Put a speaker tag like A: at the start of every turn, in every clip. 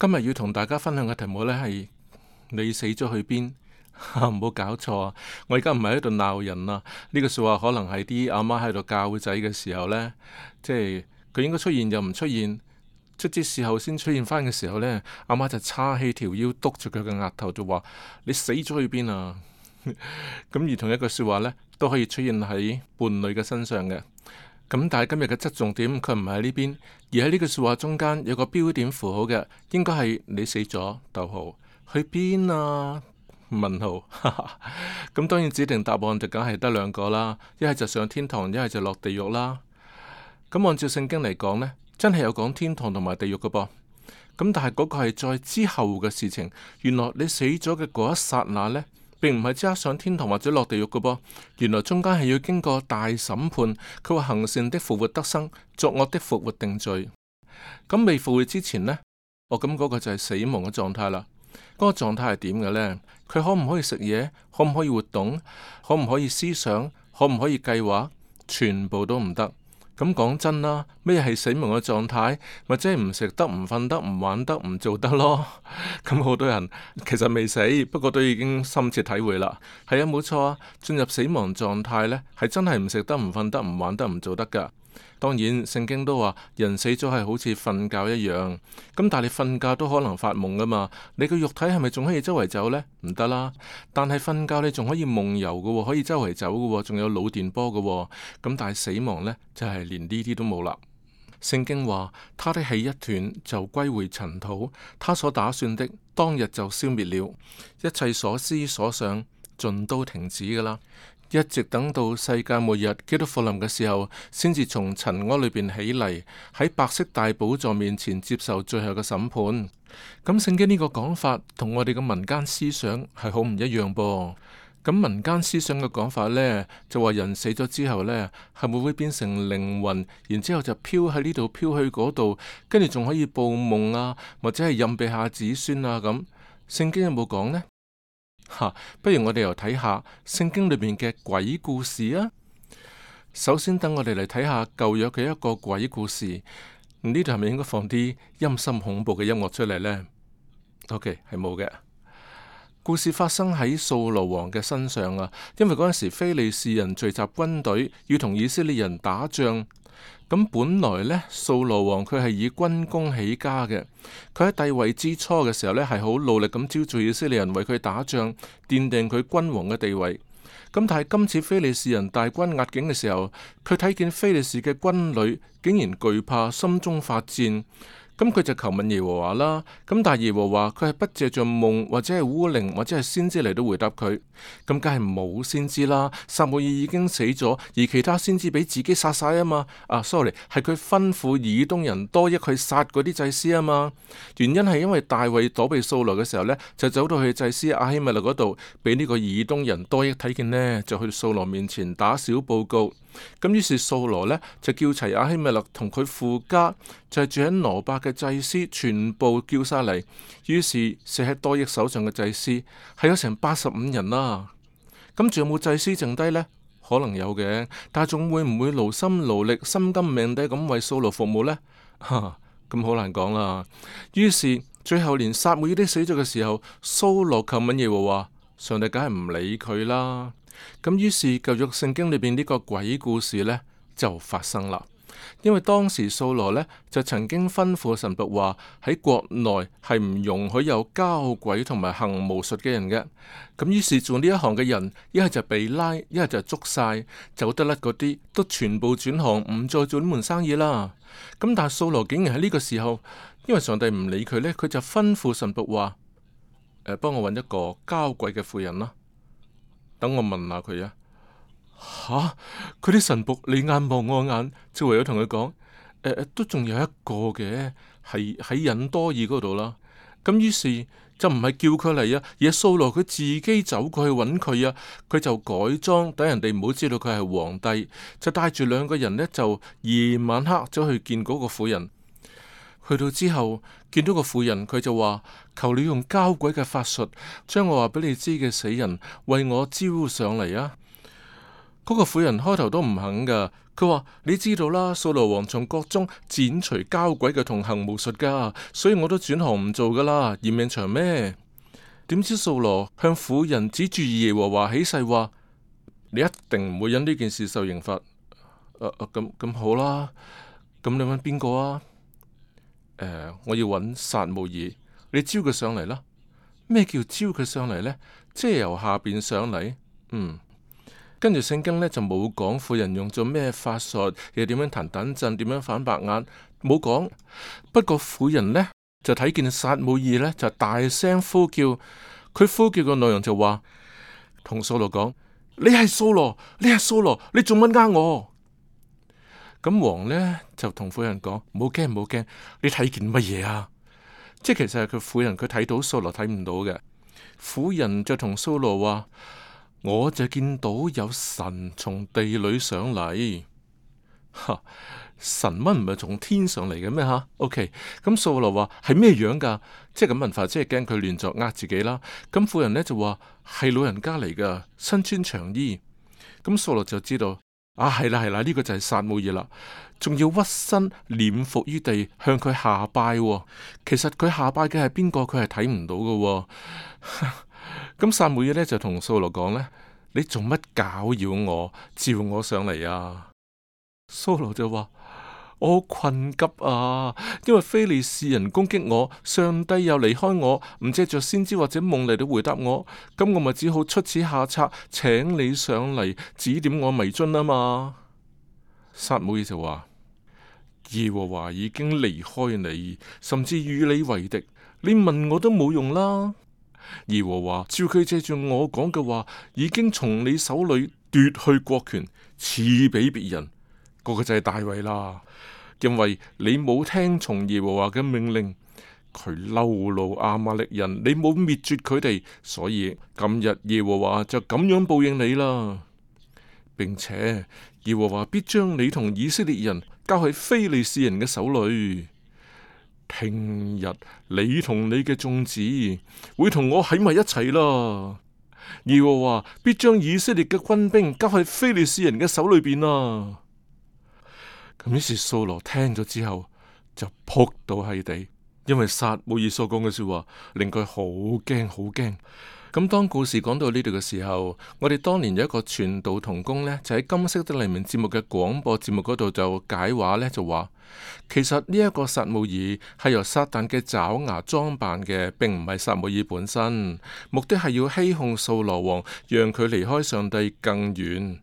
A: 今日要同大家分享嘅題目呢，係你死咗去邊？唔好搞錯啊，我而家唔係喺度鬧人啦。呢個說話可能係啲阿媽喺度教仔嘅時候呢，即係佢應該出現又唔出現，出啲事後先出現翻嘅時候呢，阿媽,媽就叉起條腰督住佢嘅額頭就話：你死咗去邊啊？咁而同一句說話呢，都可以出現喺伴侶嘅身上嘅。咁但係今日嘅側重點，佢唔係喺呢邊，而喺呢句說話中間有個標點符號嘅，應該係你死咗，逗號，去邊啊？問號，哈哈，咁當然指定答案就梗係得兩個啦，一係就上天堂，一係就落地獄啦。咁按照聖經嚟講呢，真係有講天堂同埋地獄嘅噃。咁但係嗰個係在之後嘅事情，原來你死咗嘅嗰一剎那呢。並唔係即刻上天堂或者落地獄嘅噃，原來中間係要經過大審判。佢話，行善的復活得生，作惡的復活定罪。咁未復活之前呢，我咁嗰個就係死亡嘅狀態啦。嗰、嗰個狀態係點嘅呢？佢可唔可以食嘢？可唔可以活動？可唔可以思想？可唔可以計劃？全部都唔得。咁講真啦，咩係死亡嘅狀態？或者係唔食得、唔瞓得、唔玩得、唔做得咯。咁 好多人其實未死，不過都已經深切體會啦。係啊，冇錯啊，進入死亡狀態咧，係真係唔食得、唔瞓得、唔玩得、唔做得㗎。當然，聖經都話人死咗係好似瞓覺一樣，咁但係你瞓覺都可能發夢噶嘛，你個肉體係咪仲可以周圍走呢？唔得啦，但係瞓覺你仲可以夢遊噶喎，可以周圍走噶喎，仲有腦電波噶喎，咁但係死亡呢，就係連呢啲都冇啦。聖經話他的氣一斷就歸回塵土，他所打算的當日就消滅了，一切所思所想盡都停止噶啦。一直等到世界末日基督降臨嘅時候，先至從塵埃裏邊起嚟，喺白色大寶座面前接受最後嘅審判。咁、嗯、聖經呢個講法同我哋嘅民間思想係好唔一樣噃。咁、嗯、民間思想嘅講法咧，就話人死咗之後咧，係會會變成靈魂，然之後就飄喺呢度飄去嗰度，跟住仲可以報夢啊，或者係蔭庇下子孫啊咁、嗯。聖經有冇講呢？吓，不如我哋又睇下聖經裡面嘅鬼故事啊！首先等我哋嚟睇下舊約嘅一個鬼故事。呢度係咪應該放啲陰森恐怖嘅音樂出嚟呢？OK，係冇嘅。故事發生喺掃羅王嘅身上啊，因為嗰陣時非利士人聚集軍隊要同以色列人打仗。咁本來呢，掃羅王佢係以軍功起家嘅，佢喺帝位之初嘅時候呢，係好努力咁招聚以色列人為佢打仗，奠定佢君王嘅地位。咁但係今次非利士人大軍壓境嘅時候，佢睇見非利士嘅軍旅竟然懼怕，心中發戰。咁佢就求問耶和華啦，咁但係耶和華佢係不借着夢或者係烏陵或者係先知嚟到回答佢，咁梗係冇先知啦。撒母耳已經死咗，而其他先知俾自己殺晒啊嘛。啊，sorry，係佢吩咐以東人多益去殺嗰啲祭司啊嘛。原因係因為大衛躲避掃羅嘅時候呢，就走到去祭司亞希米勒嗰度，俾呢個以東人多益睇見呢，就去掃羅面前打小報告。咁於是掃羅呢，就叫齊亞希米勒同佢父家就係、是、住喺羅伯嘅祭司全部叫晒嚟。於是死喺多益手上嘅祭司係、啊嗯、有成八十五人啦。咁仲有冇祭司剩低呢？可能有嘅，但係仲會唔會勞心勞力、心甘命抵咁為掃羅服務呢？嚇，咁好難講啦。於是最後連撒母耳啲死咗嘅時候，掃羅求問耶和華，上帝梗係唔理佢啦。咁於是舊約聖經裏邊呢個鬼故事呢，就發生啦，因為當時掃羅呢就曾經吩咐神僕話，喺國內係唔容許有交鬼同埋行巫術嘅人嘅。咁於是做呢一行嘅人一係就被拉，一係就捉晒，走得甩嗰啲都全部轉行唔再做呢門生意啦。咁但係掃羅竟然喺呢個時候，因為上帝唔理佢呢，佢就吩咐神僕話：誒、呃，幫我搵一個交鬼嘅婦人啦。等我問下佢啊，吓佢啲神僕，你眼望我眼，就唯有同佢講，誒、欸，都仲有一個嘅，係喺引多爾嗰度啦。咁於是就唔係叫佢嚟啊，而係掃羅佢自己走過去揾佢啊，佢就改裝，等人哋唔好知道佢係皇帝，就帶住兩個人呢，就夜晚黑走去見嗰個婦人。去到之後，見到個婦人，佢就話，求你用交鬼嘅法術，將我話俾你知嘅死人為我招上嚟啊！嗰個婦人開頭都唔肯噶，佢話 你知道啦，掃羅王從國中剪除交鬼嘅同行巫術噶，所以我都轉行唔做噶啦，嫌命長咩？點知掃羅向婦人指住耶和華起誓話，你一定唔會因呢件事受刑罰。誒咁咁好啦，咁你問邊個啊？啊啊。呃、我要揾撒母耳，你招佢上嚟啦。咩叫招佢上嚟呢？即係由下邊上嚟。嗯，跟住聖經呢就冇講婦人用咗咩法術，又點樣彈等陣，點樣反白眼，冇講。不過婦人呢就睇見撒母耳呢，就大聲呼叫，佢呼叫個內容就話：同掃羅講，你係掃羅，你係掃羅，你做乜呃我？咁王呢，就同婦人講：冇驚冇驚，你睇見乜嘢啊？即係其實係佢婦人佢睇到蘇羅睇唔到嘅。婦人就同蘇羅話：我就見到有神從地裏上嚟。哈！神乜唔係從天上嚟嘅咩？吓，OK、嗯。咁蘇羅話係咩樣噶？即係咁問法，即係驚佢亂作呃自己啦。咁、嗯、婦人呢，就話係老人家嚟噶，身穿長衣。咁蘇羅就知道。啊，係啦係啦，呢、啊啊這個就係撒母耳啦，仲要屈身臉伏於地向佢下拜，哦。其實佢下拜嘅係邊個，佢係睇唔到㗎。咁撒母耳呢，就同掃羅講呢，你做乜搞擾我，召我上嚟啊？掃羅就話。我好困急啊！因為非利士人攻擊我，上帝又離開我，唔借着先知或者夢嚟到回答我，咁我咪只好出此下策，請你上嚟指點我迷津啊嘛，撒母耳就話：耶和華已經離開你，甚至與你為敵，你問我都冇用啦。耶和華照佢借住我講嘅話，已經從你手裏奪去國權，賜俾別人。個個就係大衛啦，因為你冇聽從耶和華嘅命令，佢惱怒亞瑪力人，你冇滅絕佢哋，所以今日耶和華就咁樣報應你啦，並且耶和華必將你同以色列人交喺非利士人嘅手裏。聽日你同你嘅眾子會同我喺埋一齊啦。耶和華必將以色列嘅軍兵交喺非利士人嘅手裏邊啦。於是掃羅聽咗之後就撲到喺地，因為撒母耳所講嘅說話令佢好驚好驚。咁當故事講到呢度嘅時候，我哋當年有一個傳道同工呢，就喺金色的黎明節目嘅廣播節目嗰度就解話呢，就話其實呢一個撒母耳係由撒旦嘅爪牙裝扮嘅，並唔係撒母耳本身，目的係要欺哄掃羅王，讓佢離開上帝更遠。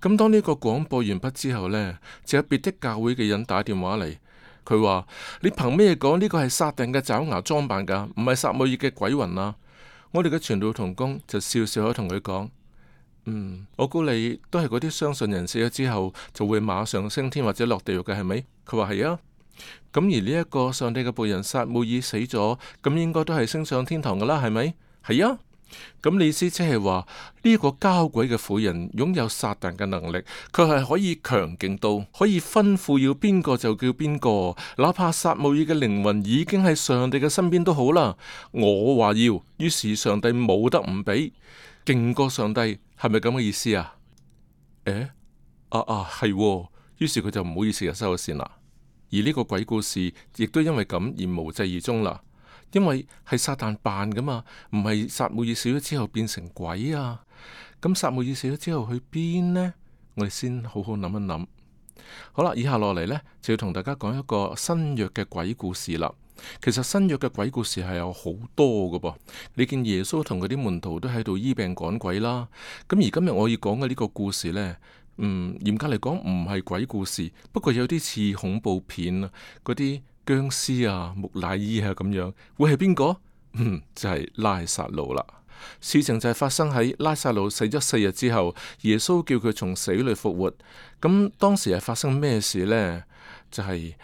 A: 咁當呢個廣播完畢之後呢，就有別的教會嘅人打電話嚟，佢話：你憑咩講呢個係撒定嘅爪牙裝扮噶，唔係撒母耳嘅鬼魂啊？我哋嘅傳道同工就笑笑口同佢講：嗯，我估你都係嗰啲相信人死咗之後就會馬上升天或者落地獄嘅，係咪？佢話係啊。咁而呢一個上帝嘅僕人撒母耳死咗，咁應該都係升上天堂噶啦，係咪？係啊。咁你意思即係話呢個交鬼嘅婦人擁有撒旦嘅能力，佢係可以強勁到可以吩咐要邊個就叫邊個，哪怕撒母耳嘅靈魂已經喺上帝嘅身邊都好啦。我話要，於是上帝冇得唔俾，勁過上帝係咪咁嘅意思啊？誒，啊啊係、哦，於是佢就唔好意思就收咗線啦。而呢個鬼故事亦都因為咁而無濟而終啦。因為係撒旦扮噶嘛，唔係撒母耳死咗之後變成鬼啊！咁撒母耳死咗之後去邊呢？我哋先好好諗一諗。好啦，以下落嚟呢，就要同大家講一個新約嘅鬼故事啦。其實新約嘅鬼故事係有好多噶噃。你見耶穌同嗰啲門徒都喺度醫病趕鬼啦。咁而今日我要講嘅呢個故事呢，嗯，嚴格嚟講唔係鬼故事，不過有啲似恐怖片啊嗰啲。僵屍啊，木乃伊啊，咁樣會係邊個？嗯，就係、是、拉撒路啦。事情就係發生喺拉撒路死咗四日之後，耶穌叫佢從死裏復活。咁、嗯、當時係發生咩事呢？就係、是。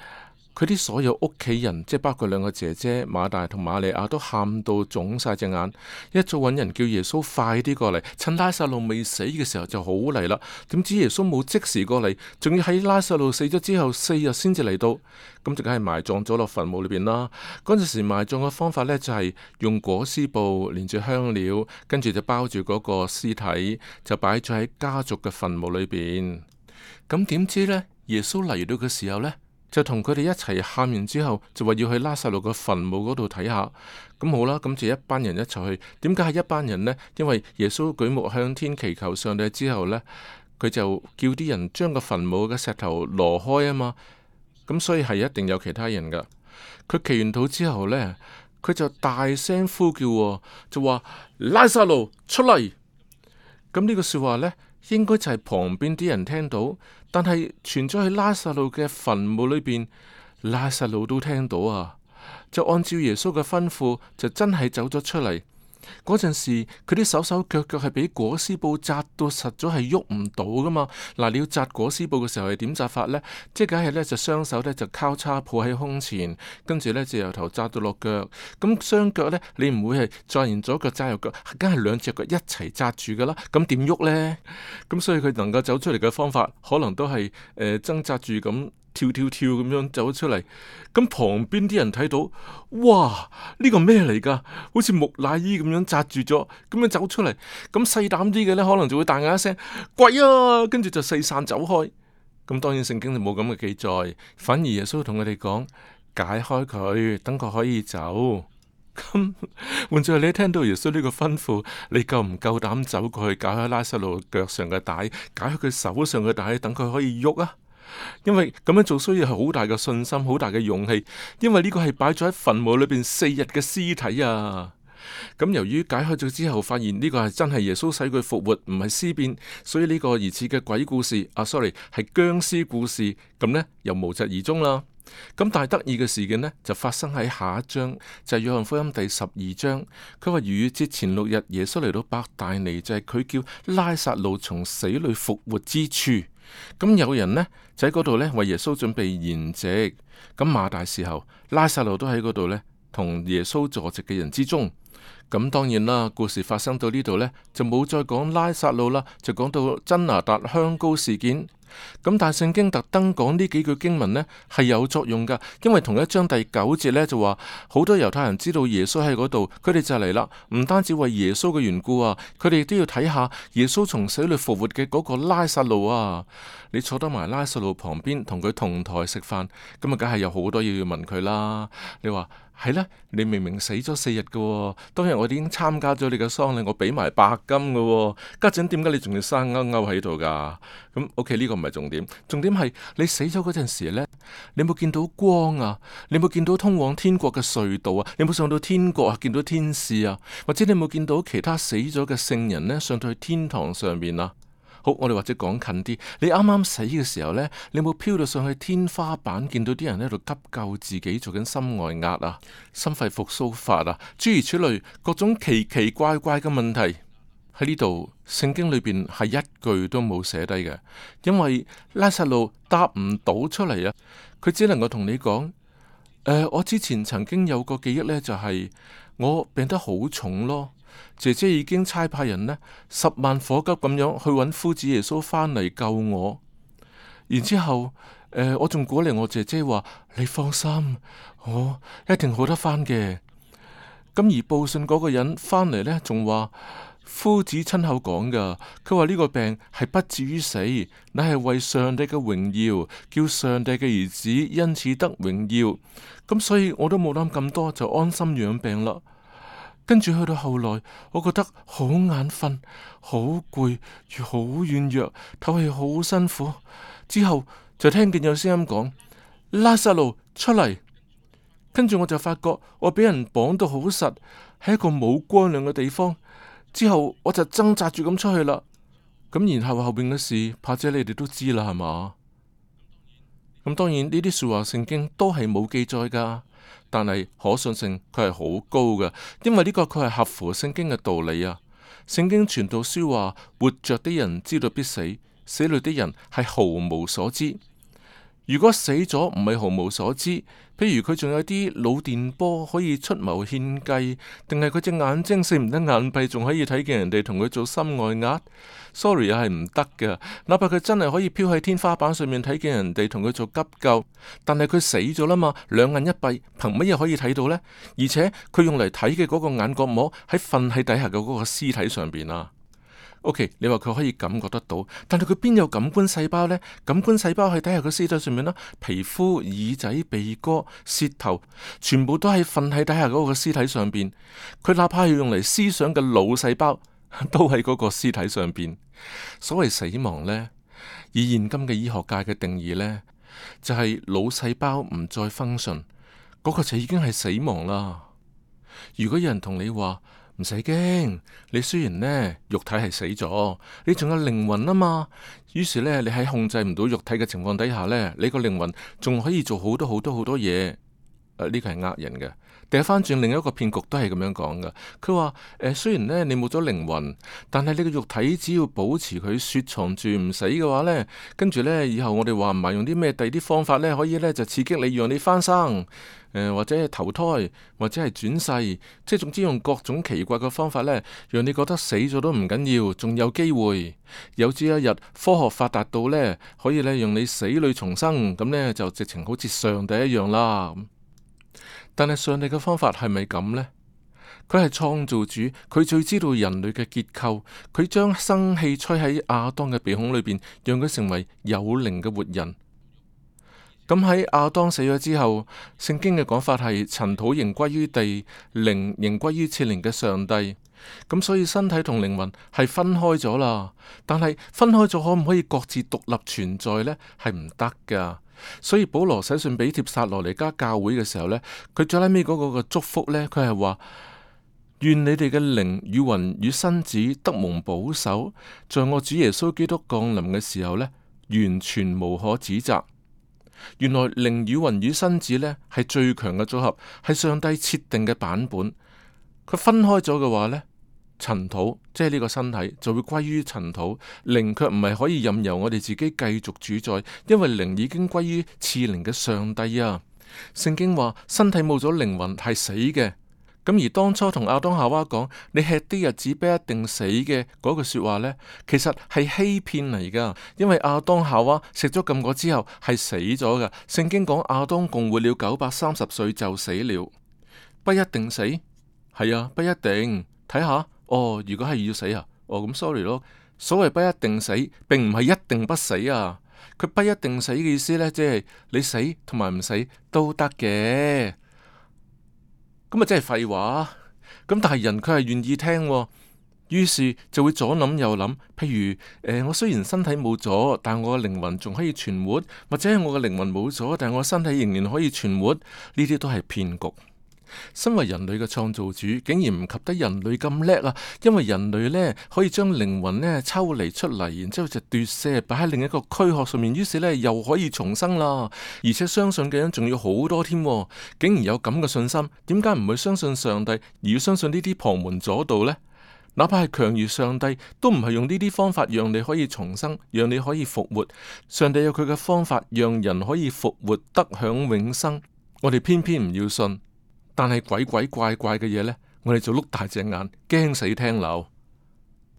A: 佢啲所有屋企人，即係包括兩個姐姐馬大同瑪利亞都喊到腫晒隻眼。一早揾人叫耶穌快啲過嚟，趁拉撒路未死嘅時候就好嚟啦。點知耶穌冇即時過嚟，仲要喺拉撒路死咗之後四日先至嚟到。咁就梗係埋葬咗落墳墓裏邊啦。嗰陣時埋葬嘅方法咧，就係用裹屍布連住香料，跟住就包住嗰個屍體，就擺咗喺家族嘅墳墓裏邊。咁點知咧，耶穌嚟到嘅時候咧？就同佢哋一齊喊完之後，就話要去拉撒路個墳墓嗰度睇下。咁好啦，咁就一班人一齊去。點解係一班人呢？因為耶穌舉目向天祈求上帝之後呢，佢就叫啲人將個墳墓嘅石頭挪開啊嘛。咁所以係一定有其他人噶。佢祈完禱之後呢，佢就大聲呼叫，就話拉撒路出嚟。咁呢個說話呢。應該就係旁邊啲人聽到，但係傳咗喺拉撒路嘅墳墓裏邊，拉撒路都聽到啊！就按照耶穌嘅吩咐，就真係走咗出嚟。嗰陣時佢啲手手腳腳係俾裹屍布紮到實咗，係喐唔到噶嘛嗱。你要紮裹屍布嘅時候係點紮法呢？即係梗係呢，就雙手呢，就交叉抱喺胸前，跟住呢，就由頭紮到落腳。咁雙腳呢，你唔會係再連左腳紮右腳，梗係兩隻腳一齊紮住噶啦。咁點喐呢？咁所以佢能夠走出嚟嘅方法，可能都係誒掙扎住咁。跳跳跳咁樣走出嚟，咁旁邊啲人睇到，哇，呢個咩嚟噶？好似木乃伊咁樣紮住咗，咁樣走出嚟，咁細膽啲嘅呢，可能就會大嗌一聲：鬼啊！跟住就四散走開。咁當然聖經就冇咁嘅記載，反而耶穌同佢哋講：解開佢，等佢可以走。咁換住你聽到耶穌呢個吩咐，你夠唔夠膽走過去解開拉撒路腳上嘅帶，解開佢手上嘅帶，等佢可以喐啊？因為咁樣做需要係好大嘅信心，好大嘅勇氣，因為呢個係擺咗喺墳墓裏邊四日嘅屍體啊。咁由於解開咗之後，發現呢個係真係耶穌使佢復活，唔係屍變，所以呢個疑似嘅鬼故事，啊 sorry 係僵屍故事，咁呢又無疾而終啦。咁大得意嘅事件呢，就發生喺下一章，就係約翰福音第十二章，佢話逾越節前六日，耶穌嚟到伯大尼，就係佢叫拉撒路從死裏復活之處。咁有人呢，就喺嗰度呢為耶穌準備筵席，咁馬大時候拉撒路都喺嗰度呢，同耶穌坐席嘅人之中。咁當然啦，故事發生到呢度呢，就冇再講拉撒路啦，就講到真拿達香膏事件。咁但係聖經特登講呢幾句經文呢係有作用噶，因為同一章第九節呢就話好多猶太人知道耶穌喺嗰度，佢哋就嚟啦，唔單止為耶穌嘅緣故啊，佢哋都要睇下耶穌從死裏復活嘅嗰個拉撒路啊，你坐得埋拉撒路旁邊同佢同台食飯，咁啊，梗係有好多嘢要問佢啦，你話。係咧，你明明死咗四日㗎喎，當日我哋已經參加咗你嘅喪禮，我俾埋白金㗎喎，家陣點解你仲要生勾勾喺度噶？咁 OK，呢個唔係重點，重點係你死咗嗰陣時咧，你有冇見到光啊？你有冇見到通往天國嘅隧道啊？你有冇上到天國啊？見到天使啊？或者你有冇見到其他死咗嘅聖人咧上到去天堂上面啊？好，我哋或者講近啲。你啱啱死嘅時候呢，你有冇飄到上去天花板，見到啲人喺度急救自己，做緊心外壓啊、心肺復蘇法啊，諸如此類各種奇奇怪怪嘅問題，喺呢度聖經裏邊係一句都冇寫低嘅，因為拉撒路答唔到出嚟啊，佢只能夠同你講，呃，我之前曾經有個記憶呢，就係、是、我病得好重咯。姐姐已經差派人呢，十萬火急咁樣去揾夫子耶穌翻嚟救我。然之後，呃，我仲鼓勵我姐姐話：， 你放心，我一定好得翻嘅。咁而報信嗰個人翻嚟呢，仲話：夫子親口講噶，佢話呢個病係不至於死，乃係為上帝嘅榮耀，叫上帝嘅兒子因此得榮耀。咁所以我都冇諗咁多，就安心養病啦。跟住去到後來，我覺得好眼瞓、好攰、好軟弱，透氣好辛苦。之後就聽見有聲音講：拉撒路出嚟。跟住我就發覺我俾人綁到好實，喺一個冇光亮嘅地方。之後我就掙扎住咁出去啦。咁然後後邊嘅事，怕姐你哋都知啦，係嘛？咁當然呢啲説話聖經都係冇記載㗎，但係可信性佢係好高㗎，因為呢個佢係合乎聖經嘅道理啊！聖經傳道書話：活着的人知道必死，死了的人係毫無所知。如果死咗唔係毫無所知，譬如佢仲有啲腦電波可以出謀獻計，定係佢隻眼睛死唔得硬閉，仲可以睇見人哋同佢做心外壓？Sorry 又係唔得㗎，哪怕佢真係可以飄喺天花板上面睇見人哋同佢做急救，但係佢死咗啦嘛，兩眼一閉，憑乜嘢可以睇到呢？而且佢用嚟睇嘅嗰個眼角膜喺瞓喺底下嘅嗰個屍體上邊啊！O.K. 你話佢可以感覺得到，但係佢邊有感官細胞呢？感官細胞喺底下個屍體上面啦，皮膚、耳仔、鼻哥、舌頭，全部都喺瞓喺底下嗰個屍體上邊。佢哪怕要用嚟思想嘅腦細胞，都喺嗰個屍體上邊。所謂死亡呢，以現今嘅醫學界嘅定義呢，就係、是、腦細胞唔再 function，嗰個就已經係死亡啦。如果有人同你話，唔使驚，你雖然呢肉體係死咗，你仲有靈魂啊嘛。於是呢，你喺控制唔到肉體嘅情況底下呢，你個靈魂仲可以做好多好多好多嘢。呢、呃這個係呃人嘅，掉翻轉另一個騙局都係咁樣講㗎。佢話誒，雖然咧你冇咗靈魂，但係你嘅肉體只要保持佢雪藏住唔死嘅話呢，跟住呢以後我哋話唔埋用啲咩第二啲方法呢，可以呢就刺激你讓你翻生誒、呃，或者係投胎，或者係轉世，即係總之用各種奇怪嘅方法呢，讓你覺得死咗都唔緊要，仲有機會。有朝一日科學發達到呢，可以呢讓你死裏重生，咁呢就直情好似上帝一樣啦。但係上帝嘅方法係咪咁呢？佢係創造主，佢最知道人類嘅結構。佢將生氣吹喺亞當嘅鼻孔裏邊，讓佢成為有靈嘅活人。咁喺亞當死咗之後，聖經嘅講法係塵土仍歸於地，靈仍歸於賜靈嘅上帝。咁所以身體同靈魂係分開咗啦。但係分開咗可唔可以各自獨立存在呢？係唔得噶。所以保羅寫信俾帖撒羅尼加教會嘅時候呢，佢最尾嗰個祝福呢，佢係話，願你哋嘅靈與魂與身子得蒙保守，在我主耶穌基督降臨嘅時候呢，完全無可指責。原來靈與魂與身子呢，係最強嘅組合，係上帝設定嘅版本。佢分開咗嘅話呢。塵土，即係呢個身體就會歸於塵土，靈卻唔係可以任由我哋自己繼續主宰，因為靈已經歸於賜靈嘅上帝啊！聖經話身體冇咗靈魂係死嘅，咁而當初同亞當夏娃講你吃啲日子不一定死嘅嗰句說話呢，其實係欺騙嚟噶，因為亞當夏娃食咗禁果之後係死咗噶。聖經講亞當共活了九百三十歲就死了，不一定死，係啊，不一定，睇下。哦，如果係要死啊，哦咁 sorry 咯。所謂不一定死，並唔係一定不死啊。佢不一定死嘅意思呢，即係你死同埋唔死都得嘅。咁啊，真係廢話。咁但係人佢係願意聽、啊，於是就會左諗右諗。譬如誒、呃，我雖然身體冇咗，但係我嘅靈魂仲可以存活；或者我嘅靈魂冇咗，但係我嘅身體仍然可以存活。呢啲都係騙局。身為人類嘅創造主，竟然唔及得人類咁叻啊！因為人類呢，可以將靈魂呢抽離出嚟，然之後就奪舍擺喺另一個軀殼上面，於是呢，又可以重生啦。而且相信嘅人仲要好多添，竟然有咁嘅信心，點解唔去相信上帝，而要相信呢啲旁門左道呢？哪怕係強如上帝，都唔係用呢啲方法讓你可以重生，讓你可以復活。上帝有佢嘅方法，讓人可以復活得享永生。我哋偏偏唔要信。但係鬼鬼怪怪嘅嘢呢，我哋就碌大隻眼，驚死聽漏。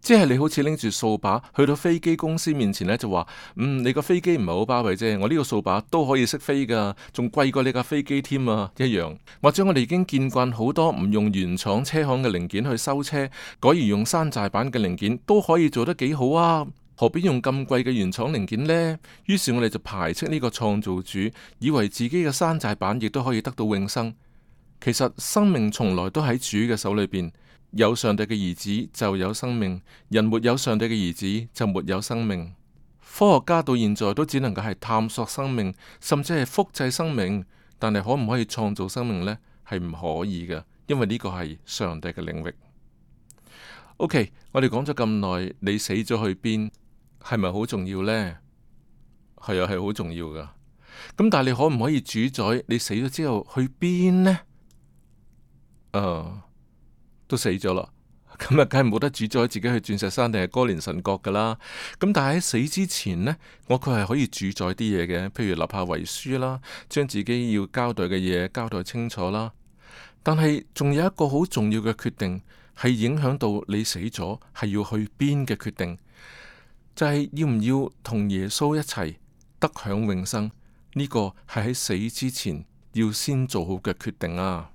A: 即係你好似拎住掃把去到飛機公司面前呢，就話：嗯，你個飛機唔係好包圍啫，我呢個掃把都可以識飛噶，仲貴過你架飛機添啊，一樣。或者我哋已經見慣好多唔用原廠車行嘅零件去修車，改而用山寨版嘅零件都可以做得幾好啊，何必用咁貴嘅原廠零件呢？於是我哋就排斥呢個創造主，以為自己嘅山寨版亦都可以得到永生。其實生命從來都喺主嘅手裏邊，有上帝嘅兒子就有生命，人沒有上帝嘅兒子就沒有生命。科學家到現在都只能夠係探索生命，甚至係複製生命，但係可唔可以創造生命呢？係唔可以嘅，因為呢個係上帝嘅領域。OK，我哋講咗咁耐，你死咗去邊係咪好重要呢？係啊，係好重要噶。咁但係你可唔可以主宰你死咗之後去邊呢？哦、都死咗啦，咁啊，梗係冇得主宰自己去鑽石山定係哥連神國噶啦。咁但係喺死之前呢，我確係可以主宰啲嘢嘅，譬如立下遺書啦，將自己要交代嘅嘢交代清楚啦。但係仲有一個好重要嘅決定，係影響到你死咗係要去邊嘅決定，就係、是、要唔要同耶穌一齊得享永生呢、呢個係喺死之前要先做好嘅決定啊！